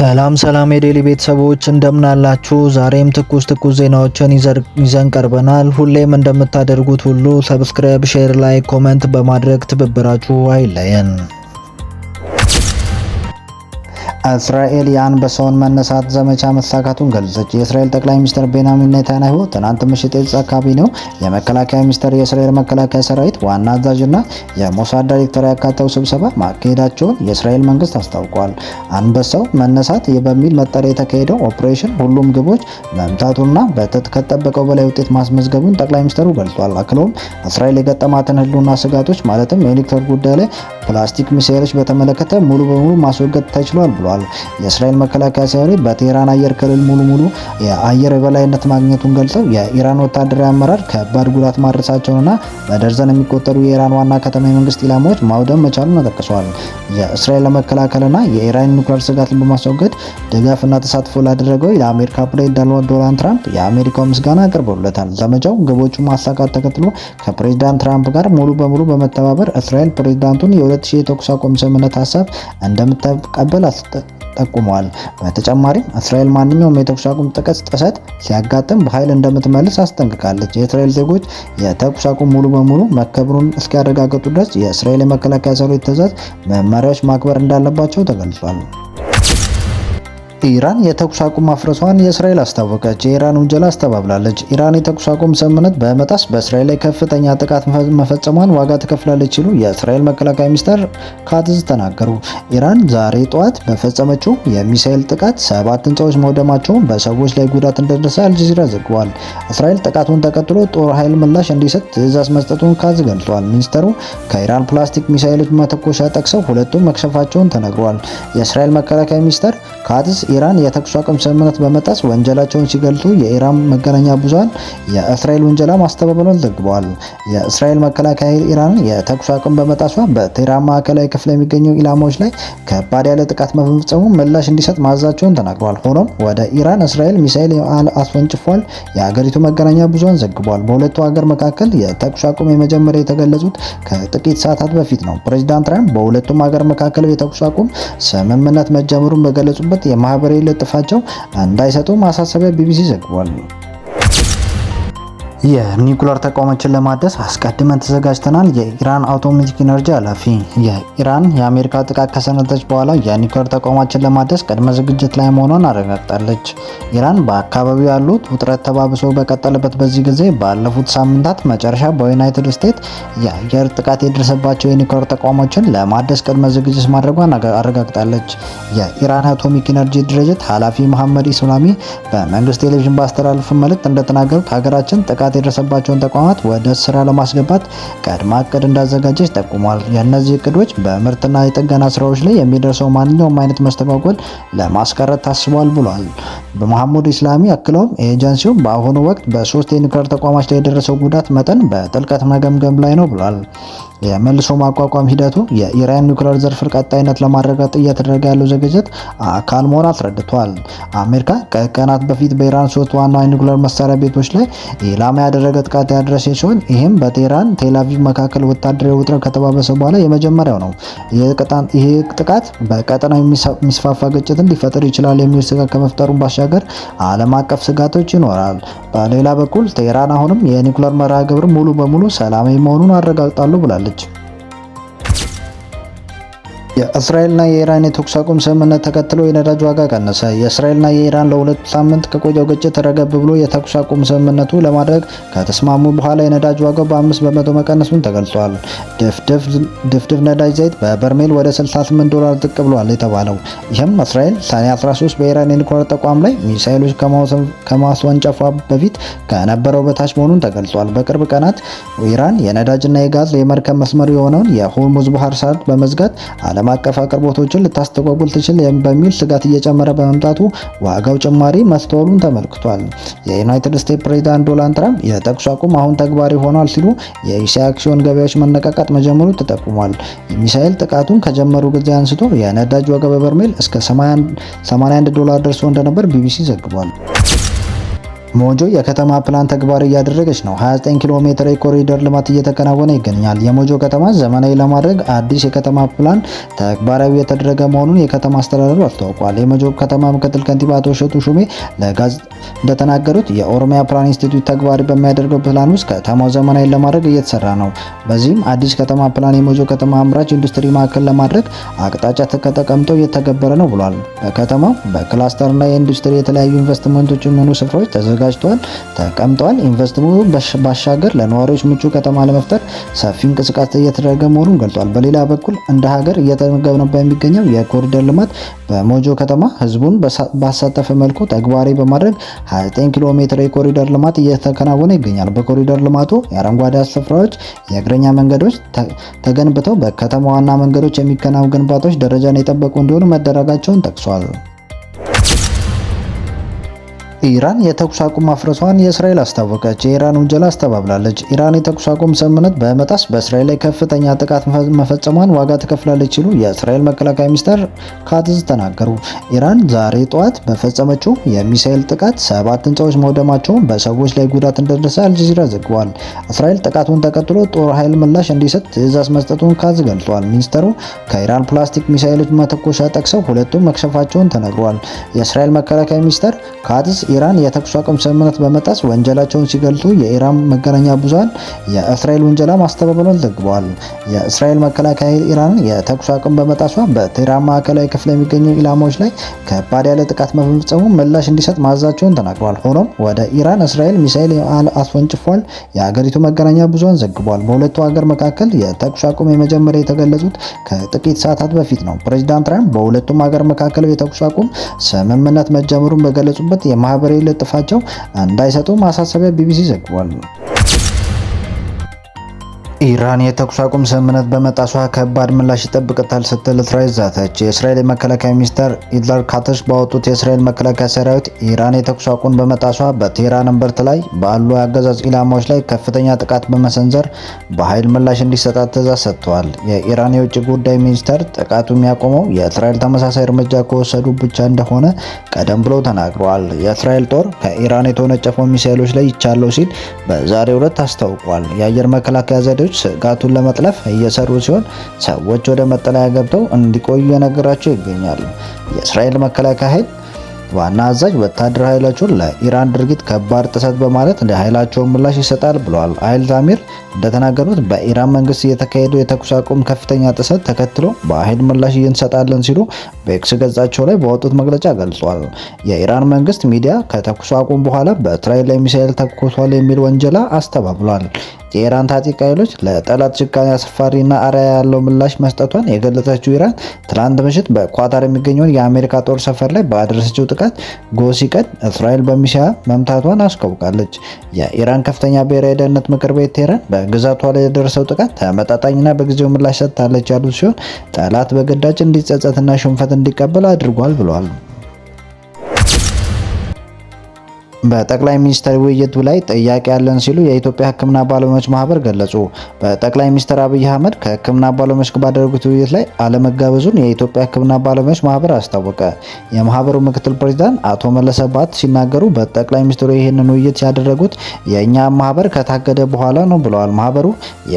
ሰላም ሰላም የዴሊ ቤተሰቦች እንደምናላችሁ ዛሬም ትኩስ ትኩስ ዜናዎችን ይዘን ቀርበናል። ሁሌም እንደምታደርጉት ሁሉ ሰብስክራይብ፣ ሼር፣ ላይክ፣ ኮመንት በማድረግ ትብብራችሁ አይለየን። እስራኤል የአንበሳውን መነሳት ዘመቻ መሳካቱን ገለጸች። የእስራኤል ጠቅላይ ሚኒስትር ቤንያሚን ኔታንያሁ ትናንት ምሽት አካባቢ ነው የመከላከያ ሚኒስትር የእስራኤል መከላከያ ሰራዊት ዋና አዛዥና የሞሳድ ዳይሬክተር ያካተው ስብሰባ ማካሄዳቸውን የእስራኤል መንግስት አስታውቋል። አንበሳው መነሳት በሚል መጠሪያ የተካሄደው ኦፕሬሽን ሁሉም ግቦች መምታቱና ከጠበቀው በላይ ውጤት ማስመዝገቡን ጠቅላይ ሚኒስትሩ ገልጿል። አክለውም እስራኤል የገጠማትን ህልውና ስጋቶች ማለትም የኤሌክትሪክ ጉዳይ ላይ ፕላስቲክ ሚሳኤሎች በተመለከተ ሙሉ በሙሉ ማስወገድ ተችሏል ብሏል። ተናግሯል። የእስራኤል መከላከያ ሰራዊት በቴህራን አየር ክልል ሙሉ ሙሉ የአየር የበላይነት ማግኘቱን ገልጸው የኢራን ወታደራዊ አመራር ከባድ ጉዳት ማድረሳቸውንና በደርዘን የሚቆጠሩ የኢራን ዋና ከተማ የመንግስት ኢላማዎች ማውደም መቻሉን ጠቅሰዋል። የእስራኤል ለመከላከልና የኢራን ኒውክሌር ስጋትን በማስወገድ ድጋፍና ተሳትፎ ላደረገው የአሜሪካ ፕሬዚዳንት ዶናልድ ትራምፕ የአሜሪካው ምስጋና አቅርበውለታል። ዘመቻው ግቦቹ ማሳካት ተከትሎ ከፕሬዝዳንት ትራምፕ ጋር ሙሉ በሙሉ በመተባበር እስራኤል ፕሬዝዳንቱን የ2000 የተኩስ አቁም ስምምነት ሀሳብ እንደምትቀበል ጠቁመዋል። በተጨማሪም እስራኤል ማንኛውም የተኩስ አቁም ጥቀት ጥሰት ሲያጋጥም በኃይል እንደምትመልስ አስጠንቅቃለች። የእስራኤል ዜጎች የተኩስ አቁም ሙሉ በሙሉ መከበሩን እስኪያረጋገጡ ድረስ የእስራኤል የመከላከያ ሰራዊት ትዕዛዝ መመሪያዎች ማክበር እንዳለባቸው ተገልጿል። ኢራን የተኩስ አቁም ማፍረሷን የእስራኤል አስታወቀች። የኢራን ውንጀላ አስተባብላለች። ኢራን የተኩስ አቁም ስምምነት በመጣስ በእስራኤል ላይ ከፍተኛ ጥቃት መፈጸሟን ዋጋ ትከፍላለች ሲሉ የእስራኤል መከላከያ ሚኒስትር ካትዝ ተናገሩ። ኢራን ዛሬ ጠዋት በፈጸመችው የሚሳኤል ጥቃት ሰባት ህንፃዎች መውደማቸውን፣ በሰዎች ላይ ጉዳት እንደደረሰ አልጀዚራ ዘግቧል። እስራኤል ጥቃቱን ተከትሎ ጦር ኃይል ምላሽ እንዲሰጥ ትዕዛዝ መስጠቱን ካትዝ ገልጿል። ሚኒስተሩ ከኢራን ፕላስቲክ ሚሳኤሎች መተኮሻ ጠቅሰው ሁለቱም መክሸፋቸውን ተነግሯል። የእስራኤል መከላከያ ሚኒስተር ካትዝ ኢራን የተኩስ አቁም ስምምነት በመጣስ ወንጀላቸውን ሲገልጡ የኢራን መገናኛ ብዙሃን የእስራኤል ውንጀላ ማስተባበሉን ዘግበዋል። የእስራኤል መከላከያ ኃይል ኢራን የተኩስ አቁም በመጣሷ በቴህራን ማዕከላዊ ክፍል የሚገኙ ኢላማዎች ላይ ከባድ ያለ ጥቃት መፈጸሙ ምላሽ እንዲሰጥ ማዘዛቸውን ተናግሯል። ሆኖም ወደ ኢራን እስራኤል ሚሳኤል አስወንጭፏል የሀገሪቱ መገናኛ ብዙሃን ዘግቧል። በሁለቱ ሀገር መካከል የተኩስ አቁም የመጀመሪያ የተገለጹት ከጥቂት ሰዓታት በፊት ነው። ፕሬዚዳንት ትራምፕ በሁለቱም ሀገር መካከል የተኩስ አቁም ስምምነት መጀመሩን በገለጹበት የማ ማህበራዊ ለጥፋቸው እንዳይሰጡ ማሳሰቢያ ቢቢሲ ዘግቧል። የኒኩለር ተቋሞችን ለማደስ አስቀድመን ተዘጋጅተናል። የኢራን አቶሚክ ኢነርጂ ኃላፊ የኢራን የአሜሪካ ጥቃት ከሰነዘረች በኋላ የኒኩለር ተቋማችን ለማደስ ቅድመ ዝግጅት ላይ መሆኗን አረጋግጣለች። ኢራን በአካባቢው ያሉት ውጥረት ተባብሶ በቀጠለበት በዚህ ጊዜ ባለፉት ሳምንታት መጨረሻ በዩናይትድ ስቴትስ የአየር ጥቃት የደረሰባቸው የኒኩለር ተቋሞችን ለማደስ ቅድመ ዝግጅት ማድረጓን አረጋግጣለች። የኢራን አቶሚክ ኢነርጂ ድርጅት ኃላፊ መሐመድ ኢስላሚ በመንግስት ቴሌቪዥን ባስተላለፉ መልእክት እንደተናገሩት ሀገራችን ጥቃት ጥቃት የደረሰባቸውን ተቋማት ወደ ስራ ለማስገባት ቀድማ እቅድ እንዳዘጋጀች ጠቁሟል። የእነዚህ እቅዶች በምርትና የጥገና ስራዎች ላይ የሚደርሰው ማንኛውም አይነት መስተጓጎል ለማስቀረት ታስቧል ብሏል። በመሐሙድ ኢስላሚ አክለውም ኤጀንሲው በአሁኑ ወቅት በሶስት የኒውክሌር ተቋማት ላይ የደረሰው ጉዳት መጠን በጥልቀት መገምገም ላይ ነው ብሏል። የመልሶ ማቋቋም ሂደቱ የኢራን ኒውክሌር ዘርፍ ቀጣይነት ለማረጋገጥ እየተደረገ ያለው ዝግጅት አካል መሆን አስረድቷል። አሜሪካ ከቀናት በፊት በኢራን ሶስት ዋና የኒውክሌር መሳሪያ ቤቶች ላይ ኢላማ ያደረገ ጥቃት ያደረሰ ሲሆን ይህም በቴህራን ቴልአቪቭ መካከል ወታደራዊ ውጥረት ከተባበሰ በኋላ የመጀመሪያው ነው። ይህ ጥቃት በቀጠናው የሚስፋፋ ግጭትን ሊፈጥር ይችላል የሚል ስጋት ከመፍጠሩን ባሻገር ዓለም አቀፍ ስጋቶች ይኖራል። በሌላ በኩል ቴህራን አሁንም የኒውክሌር መርሃ ግብር ሙሉ በሙሉ ሰላማዊ መሆኑን አረጋግጣሉ ብላለች። dicho. የእስራኤልና የኢራን የተኩስ አቁም ስምምነት ተከትሎ የነዳጅ ዋጋ ቀነሰ። የእስራኤልና የኢራን ለሁለት ሳምንት ከቆየው ግጭት ረገብ ብሎ የተኩስ አቁም ስምምነቱ ለማድረግ ከተስማሙ በኋላ የነዳጅ ዋጋው በአምስት በመቶ መቀነሱን ተገልጿል። ድፍድፍ ነዳጅ ዘይት በበርሜል ወደ 68 ዶላር ዝቅ ብሏል የተባለው ይህም እስራኤል ሰኔ 13 በኢራን የኒውክሌር ተቋም ላይ ሚሳይሎች ከማስወንጨፏ በፊት ከነበረው በታች መሆኑን ተገልጿል። በቅርብ ቀናት ኢራን የነዳጅና የጋዝ የመርከብ መስመሩ የሆነውን የሆርሙዝ ባህር ሰርጥ በመዝጋት ዓለም አቀፍ አቅርቦቶችን ልታስተጓጉል ትችል በሚል ስጋት እየጨመረ በመምጣቱ ዋጋው ጭማሪ መስተዋሉን ተመልክቷል። የዩናይትድ ስቴትስ ፕሬዚዳንት ዶናልድ ትራምፕ የተኩስ አቁም አሁን ተግባሪ ሆኗል ሲሉ የእስያ አክሲዮን ገበያዎች መነቃቃት መጀመሩ ተጠቁሟል። ሚሳኤል ጥቃቱን ከጀመሩ ጊዜ አንስቶ የነዳጅ ዋጋ በበርሜል እስከ 81 ዶላር ደርሶ እንደነበር ቢቢሲ ዘግቧል። ሞጆ የከተማ ፕላን ተግባር እያደረገች ነው። 29 ኪሎ ሜትር የኮሪደር ልማት እየተከናወነ ይገኛል። የሞጆ ከተማ ዘመናዊ ለማድረግ አዲስ የከተማ ፕላን ተግባራዊ የተደረገ መሆኑን የከተማ አስተዳደሩ አስታውቋል። የሞጆ ከተማ ምክትል ከንቲባ አቶ እሸቱ ሹሜ ለጋዜጣ እንደተናገሩት የኦሮሚያ ፕላን ኢንስቲትዩት ተግባራዊ በሚያደርገው ፕላን ውስጥ ከተማው ዘመናዊ ለማድረግ እየተሰራ ነው። በዚህም አዲስ ከተማ ፕላን የሞጆ ከተማ አምራች ኢንዱስትሪ ማዕከል ለማድረግ አቅጣጫ ተቀምጦ እየተገበረ ነው ብሏል። በከተማው በክላስተርና የኢንዱስትሪ የተለያዩ ኢንቨስትመንቶች የሚሆኑ ስፍራዎች ተዘ ተዘጋጅተዋል፣ ተቀምጠዋል። ኢንቨስትመንቱ ባሻገር ለነዋሪዎች ምቹ ከተማ ለመፍጠር ሰፊ እንቅስቃሴ እየተደረገ መሆኑን ገልጧል። በሌላ በኩል እንደ ሀገር እየተገነባ የሚገኘው የኮሪደር ልማት በሞጆ ከተማ ህዝቡን ባሳተፈ መልኩ ተግባራዊ በማድረግ 29 ኪሎ ሜትር የኮሪደር ልማት እየተከናወነ ይገኛል። በኮሪደር ልማቱ የአረንጓዴ ስፍራዎች፣ የእግረኛ መንገዶች ተገንብተው በከተማ ዋና መንገዶች የሚከናወኑ ግንባታዎች ደረጃን የጠበቁ እንዲሆኑ መደረጋቸውን ጠቅሷል። ኢራን የተኩስ አቁም ማፍረሷን የእስራኤል አስታወቀች። የኢራን ውንጀላ አስተባብላለች። ኢራን የተኩስ አቁም ስምምነት በመጣስ በእስራኤል ላይ ከፍተኛ ጥቃት መፈጸሟን ዋጋ ትከፍላለች ሲሉ የእስራኤል መከላከያ ሚኒስትር ካትዝ ተናገሩ። ኢራን ዛሬ ጠዋት በፈጸመችው የሚሳኤል ጥቃት ሰባት ህንፃዎች መውደማቸውን፣ በሰዎች ላይ ጉዳት እንደደረሰ አልጀዚራ ዘግቧል። እስራኤል ጥቃቱን ተቀጥሎ ጦር ኃይል ምላሽ እንዲሰጥ ትዕዛዝ መስጠቱን ካትዝ ገልጿል። ሚኒስተሩ ከኢራን ፕላስቲክ ሚሳኤሎች መተኮሻ ጠቅሰው ሁለቱም መክሸፋቸውን ተነግሯል። የእስራኤል መከላከያ ሚኒስተር ካትዝ ኢራን የተኩስ አቁም ስምምነት በመጣስ ወንጀላቸውን ሲገልጡ የኢራን መገናኛ ብዙሃን የእስራኤል ውንጀላ ማስተባበሉን ዘግበዋል። የእስራኤል መከላከያ ኃይል ኢራን የተኩስ አቁም በመጣሷ በቴህራን ማዕከላዊ ክፍል የሚገኙ ኢላማዎች ላይ ከባድ ያለ ጥቃት መፈጸሙ ምላሽ እንዲሰጥ ማዛቸውን ተናግሯል። ሆኖም ወደ ኢራን እስራኤል ሚሳኤል አስወንጭፏል የአገሪቱ መገናኛ ብዙሃን ዘግቧል። በሁለቱ ሀገር መካከል የተኩስ አቁም የመጀመሪያ የተገለጹት ከጥቂት ሰዓታት በፊት ነው። ፕሬዚዳንት ትራምፕ በሁለቱም ሀገር መካከል የተኩስ አቁም ስምምነት መጀመሩን በገለጹበት የማ ማህበራዊ ለጥፋቸው እንዳይሰጡ ማሳሰቢያ ቢቢሲ ዘግቧል። ኢራን የተኩስ አቁም ስምምነት በመጣሷ ከባድ ምላሽ ይጠብቅታል ስትል እስራኤል ዛተች። የእስራኤል የመከላከያ ሚኒስትር ኢድላር ካትስ ባወጡት የእስራኤል መከላከያ ሰራዊት ኢራን የተኩስ አቁም በመጣሷ በቴህራን እምብርት ላይ ባሉ የአገዛዝ ኢላማዎች ላይ ከፍተኛ ጥቃት በመሰንዘር በኃይል ምላሽ እንዲሰጣት ትእዛዝ ሰጥተዋል። የኢራን የውጭ ጉዳይ ሚኒስተር ጥቃቱ የሚያቆመው የእስራኤል ተመሳሳይ እርምጃ ከወሰዱ ብቻ እንደሆነ ቀደም ብሎ ተናግሯል። የእስራኤል ጦር ከኢራን የተወነጨፈው ሚሳይሎች ላይ ይቻለው ሲል በዛሬው ዕለት አስታውቋል። የአየር መከላከያ ዘዴዎች ኃይሎች ስጋቱን ለመጥለፍ እየሰሩ ሲሆን ሰዎች ወደ መጠለያ ገብተው እንዲቆዩ የነገራቸው ይገኛሉ። የእስራኤል መከላከያ ኃይል ዋና አዛዥ ወታደር ኃይላቸውን ለኢራን ድርጊት ከባድ ጥሰት በማለት ለኃይላቸውን ምላሽ ይሰጣል ብለዋል። አይል ዛሚር እንደተናገሩት በኢራን መንግስት እየተካሄደው የተኩስ አቁም ከፍተኛ ጥሰት ተከትሎ በኃይል ምላሽ እንሰጣለን ሲሉ በኤክስ ገጻቸው ላይ በወጡት መግለጫ ገልጿል። የኢራን መንግስት ሚዲያ ከተኩስ አቁም በኋላ በእስራኤል ላይ ሚሳኤል ተኩሷል የሚል ወንጀላ አስተባብሏል። የኢራን ታጣቂ ኃይሎች ለጠላት ጭካኔ አስፈሪና አርአያ ያለው ምላሽ መስጠቷን የገለጸችው ኢራን ትላንት ምሽት በኳታር የሚገኘውን የአሜሪካ ጦር ሰፈር ላይ ባደረሰችው ጥቃት ጎህ ሲቀድ እስራኤል በሚሳ መምታቷን አስታውቃለች። የኢራን ከፍተኛ ብሔራዊ ደህንነት ምክር ቤት ቴህራን በግዛቷ ላይ የደረሰው ጥቃት ተመጣጣኝና በጊዜው ምላሽ ሰጥታለች ያሉት ሲሆን ጠላት በግዳጅ እንዲጸጸትና ሽንፈት እንዲቀበል አድርጓል ብለዋል። በጠቅላይ ሚኒስትር ውይይቱ ላይ ጥያቄ ያለን ሲሉ የኢትዮጵያ ሕክምና ባለሙያዎች ማህበር ገለጹ። በጠቅላይ ሚኒስትር አብይ አህመድ ከሕክምና ባለሙያዎች ባደረጉት ውይይት ላይ አለመጋበዙን የኢትዮጵያ ሕክምና ባለሙያዎች ማህበር አስታወቀ። የማህበሩ ምክትል ፕሬዚዳንት አቶ መለሰ ባት ሲናገሩ በጠቅላይ ሚኒስትሩ ይህንን ውይይት ያደረጉት የእኛ ማህበር ከታገደ በኋላ ነው ብለዋል። ማህበሩ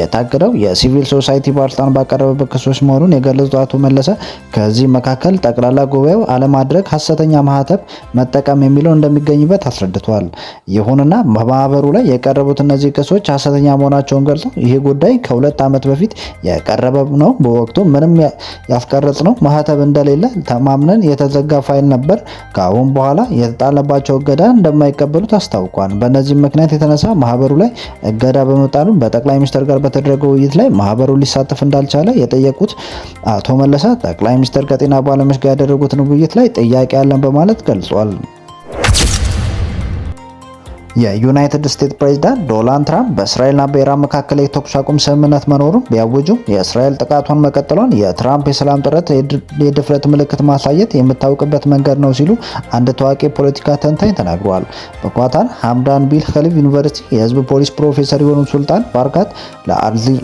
የታገደው የሲቪል ሶሳይቲ ባለስልጣን ባቀረበበት ክሶች መሆኑን የገለጹት አቶ መለሰ ከዚህ መካከል ጠቅላላ ጉባኤው አለማድረግ፣ ሀሰተኛ ማህተብ መጠቀም የሚለው እንደሚገኝበት አስረዳል። አስረድቷል። ይሁንና በማህበሩ ላይ የቀረቡት እነዚህ ክሶች ሀሰተኛ መሆናቸውን ገልጾ ይህ ጉዳይ ከሁለት ዓመት በፊት የቀረበ ነው፣ በወቅቱ ምንም ያስቀረጽ ነው ማህተብ እንደሌለ ተማምነን የተዘጋ ፋይል ነበር። ከአሁን በኋላ የተጣለባቸው እገዳ እንደማይቀበሉት አስታውቋል። በእነዚህም ምክንያት የተነሳ ማህበሩ ላይ እገዳ በመጣሉ በጠቅላይ ሚኒስትር ጋር በተደረገው ውይይት ላይ ማህበሩ ሊሳተፍ እንዳልቻለ የጠየቁት አቶ መለሰ ጠቅላይ ሚኒስትር ከጤና ባለሙያዎች ጋር ያደረጉትን ውይይት ላይ ጥያቄ ያለን በማለት ገልጿል። የዩናይትድ ስቴትስ ፕሬዝዳንት ዶናልድ ትራምፕ በእስራኤልና በኢራን መካከል የተኩስ አቁም ስምምነት መኖሩን ቢያወጁም የእስራኤል ጥቃቷን መቀጠሏን የትራምፕ የሰላም ጥረት የድፍረት ምልክት ማሳየት የምታውቅበት መንገድ ነው ሲሉ አንድ ታዋቂ ፖለቲካ ተንታኝ ተናግረዋል። በኳታር ሐምዳን ቢል ኸሊፍ ዩኒቨርሲቲ የህዝብ ፖሊስ ፕሮፌሰር የሆኑ ሱልጣን ባርካት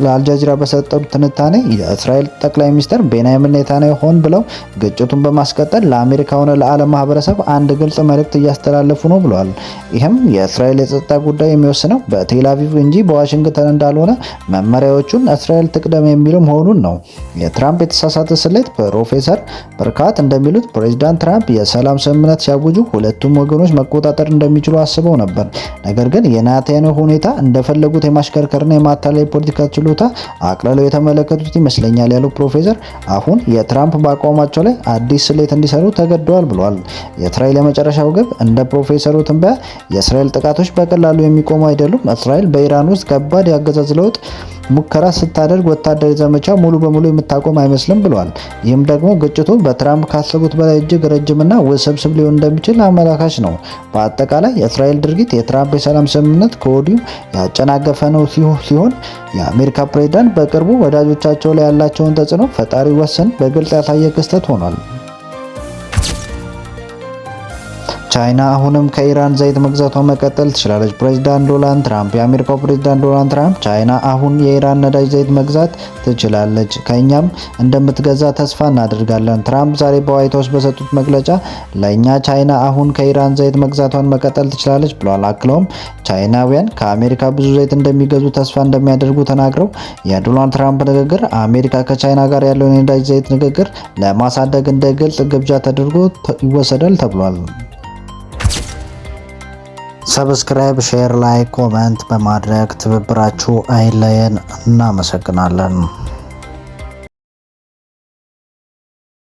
ለአልጃዚራ በሰጠው ትንታኔ የእስራኤል ጠቅላይ ሚኒስትር ቤንያሚን ኔታንያሁ ሆን ብለው ግጭቱን በማስቀጠል ለአሜሪካ ሆነ ለዓለም ማህበረሰብ አንድ ግልጽ መልእክት እያስተላለፉ ነው ብለዋል። ይህም የእስራኤል የጸጥታ ጉዳይ የሚወስነው በቴላቪቭ እንጂ በዋሽንግተን እንዳልሆነ መመሪያዎቹን እስራኤል ትቅደም የሚል መሆኑን ነው። የትራምፕ የተሳሳተ ስሌት ፕሮፌሰር ብርካት እንደሚሉት ፕሬዚዳንት ትራምፕ የሰላም ስምምነት ሲያውጁ ሁለቱም ወገኖች መቆጣጠር እንደሚችሉ አስበው ነበር። ነገር ግን የኔታንያሁ ሁኔታ እንደፈለጉት የማሽከርከርና የማታለል ፖለቲካ ችሎታ አቅልለው የተመለከቱት ይመስለኛል ያለው ፕሮፌሰር አሁን የትራምፕ በአቋማቸው ላይ አዲስ ስሌት እንዲሰሩ ተገደዋል ብለዋል። የእስራኤል የመጨረሻው ግብ እንደ ፕሮፌሰሩ ትንበያ የእስራኤል ጥቃት ጥቃቶች በቀላሉ የሚቆሙ አይደሉም። እስራኤል በኢራን ውስጥ ከባድ የአገዛዝ ለውጥ ሙከራ ስታደርግ ወታደራዊ ዘመቻ ሙሉ በሙሉ የምታቆም አይመስልም ብሏል። ይህም ደግሞ ግጭቱ በትራምፕ ካሰቡት በላይ እጅግ ረጅምና ውስብስብ ሊሆን እንደሚችል አመላካች ነው። በአጠቃላይ የእስራኤል ድርጊት የትራምፕ የሰላም ስምምነት ከወዲሁ ያጨናገፈ ነው ሲሆን የአሜሪካ ፕሬዚዳንት በቅርቡ ወዳጆቻቸው ላይ ያላቸውን ተጽዕኖ ፈጣሪ ወሰን በግልጽ ያሳየ ክስተት ሆኗል። ቻይና አሁንም ከኢራን ዘይት መግዛቷን መቀጠል ትችላለች። ፕሬዚዳንት ዶናልድ ትራምፕ። የአሜሪካው ፕሬዚዳንት ዶናልድ ትራምፕ ቻይና አሁን የኢራን ነዳጅ ዘይት መግዛት ትችላለች፣ ከእኛም እንደምትገዛ ተስፋ እናደርጋለን። ትራምፕ ዛሬ በዋይት ሀውስ በሰጡት መግለጫ ለእኛ ቻይና አሁን ከኢራን ዘይት መግዛቷን መቀጠል ትችላለች ብሏል አክለውም ቻይናውያን ከአሜሪካ ብዙ ዘይት እንደሚገዙ ተስፋ እንደሚያደርጉ ተናግረው የዶናልድ ትራምፕ ንግግር አሜሪካ ከቻይና ጋር ያለውን የነዳጅ ዘይት ንግግር ለማሳደግ እንደ ግልጽ ግብዣ ተደርጎ ይወሰዳል ተብሏል። ሰብስክራይብ፣ ሼር ላይ ኮመንት በማድረግ ትብብራችሁ አይለየን። እናመሰግናለን።